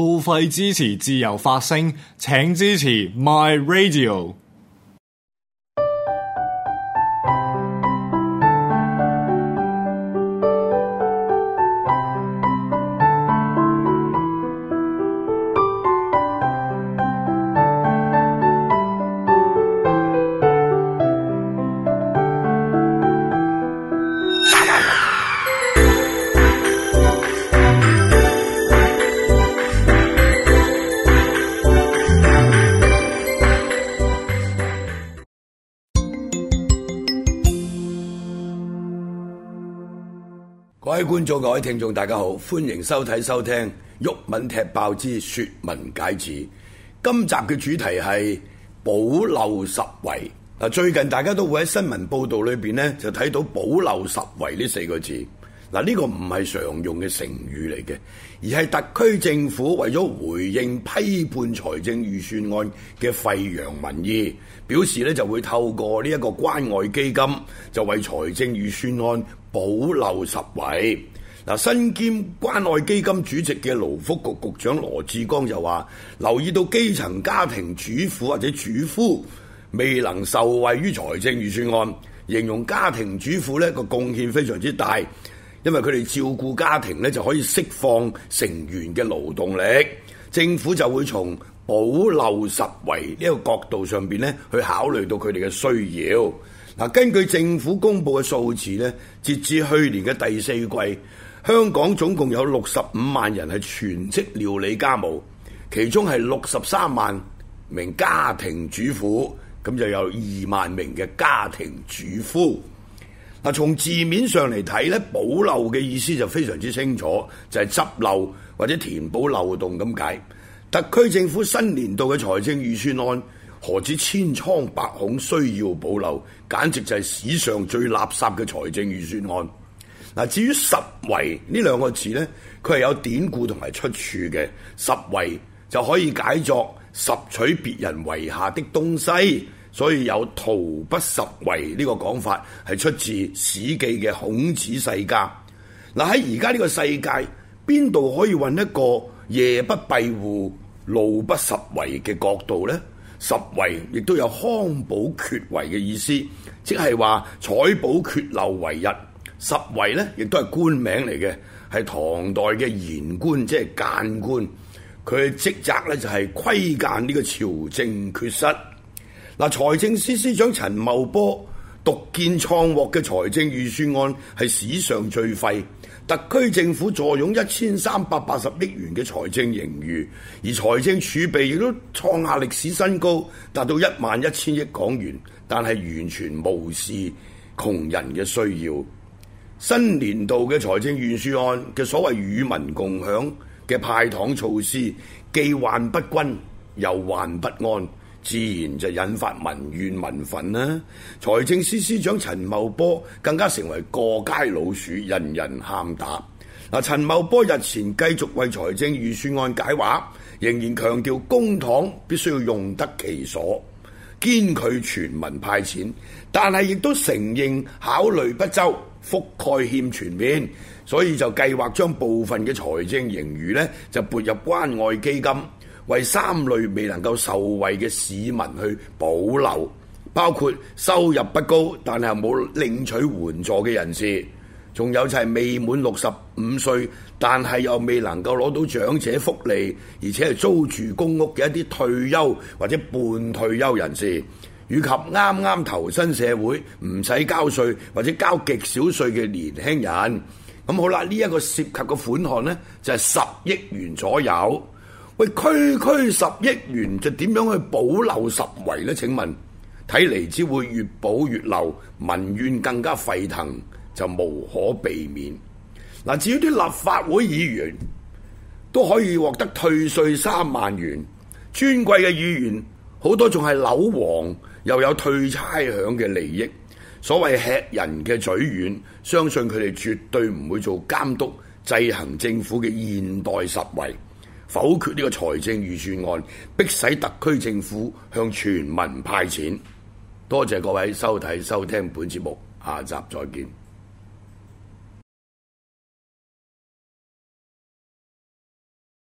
付費支持自由發聲，請支持 My Radio。各位觀眾、各位聽眾，大家好，歡迎收睇、收聽《毓民踢爆之說文解字》。今集嘅主題係補漏拾遺。嗱，最近大家都會喺新聞報道裏面呢，就睇到補漏拾遺呢四個字。嗱，呢個唔係常用嘅成語嚟嘅，而係特區政府為咗回應批判財政預算案嘅沸揚民意，表示咧就會透過呢一個關愛基金，就為財政預算案補漏拾遺。嗱，身兼關愛基金主席嘅勞福局局長羅志光就話，留意到基層家庭主婦或者主夫未能受惠於財政預算案，形容家庭主婦呢個貢獻非常之大。因為佢哋照顧家庭咧，就可以釋放成員嘅勞動力，政府就會從保留實為呢一個角度上邊咧去考慮到佢哋嘅需要。嗱，根據政府公布嘅數字咧，截至去年嘅第四季，香港總共有六十五萬人係全職料理家務，其中係六十三萬名家庭主婦，咁就有二萬名嘅家庭主夫。嗱，從字面上嚟睇咧，補漏嘅意思就非常之清楚，就係執漏或者填補漏洞咁解。特區政府新年度嘅財政預算案何止千瘡百孔，需要補漏，簡直就係史上最垃圾嘅財政預算案。嗱，至於拾遺呢兩個字咧，佢係有典故同埋出處嘅。拾遺就可以解作拾取別人遺下的東西。所以有“塗不拾遺”呢，這個講法係出自《史記》嘅《孔子世家》。嗱，喺而家呢個世界，邊度可以揾一個夜不閉戶、路不拾遺嘅國度呢？拾遺亦都有康保缺遺嘅意思，即係話採保缺漏為日。拾遺呢亦都係官名嚟嘅，係唐代嘅言官，即係諫官。佢嘅職責呢，就係、是、規諫呢個朝政缺失。嗱，財政司司長陳茂波獨見創獲嘅財政預算案係史上最廢，特區政府坐擁一千三百八十億元嘅財政盈餘，而財政儲備亦都創下歷史新高，達到一萬一千億港元。但係完全無視窮人嘅需要，新年度嘅財政預算案嘅所謂與民共享嘅派糖措施，既患不均又患不安。自然就引發民怨民憤啦！財政司司長陳茂波更加成為過街老鼠，人人喊打。嗱，陳茂波日前繼續為財政預算案解話，仍然強調公帑必須要用得其所，堅拒全民派錢，但係亦都承認考慮不周，覆蓋欠全面，所以就計劃將部分嘅財政盈餘呢，就撥入關愛基金。為三類未能夠受惠嘅市民去保留，包括收入不高但係冇領取援助嘅人士，仲有就係未滿六十五歲但係又未能夠攞到長者福利，而且係租住公屋嘅一啲退休或者半退休人士，以及啱啱投身社會唔使交稅或者交極少稅嘅年輕人。咁好啦，呢一個涉及嘅款項呢，就係十億元左右。喂，區區十億元就點樣去保留拾遺呢？請問，睇嚟，只會越保越漏，民怨更加沸騰，就無可避免。嗱，至於啲立法會議員都可以獲得退稅三萬元，尊貴嘅議員好多仲係樓王，又有退差餉嘅利益，所謂吃人嘅嘴軟，相信佢哋絕對唔會做監督、制衡政府嘅現代拾遺。否決呢個財政預算案，迫使特區政府向全民派錢。多謝各位收睇收聽本節目，下集再見。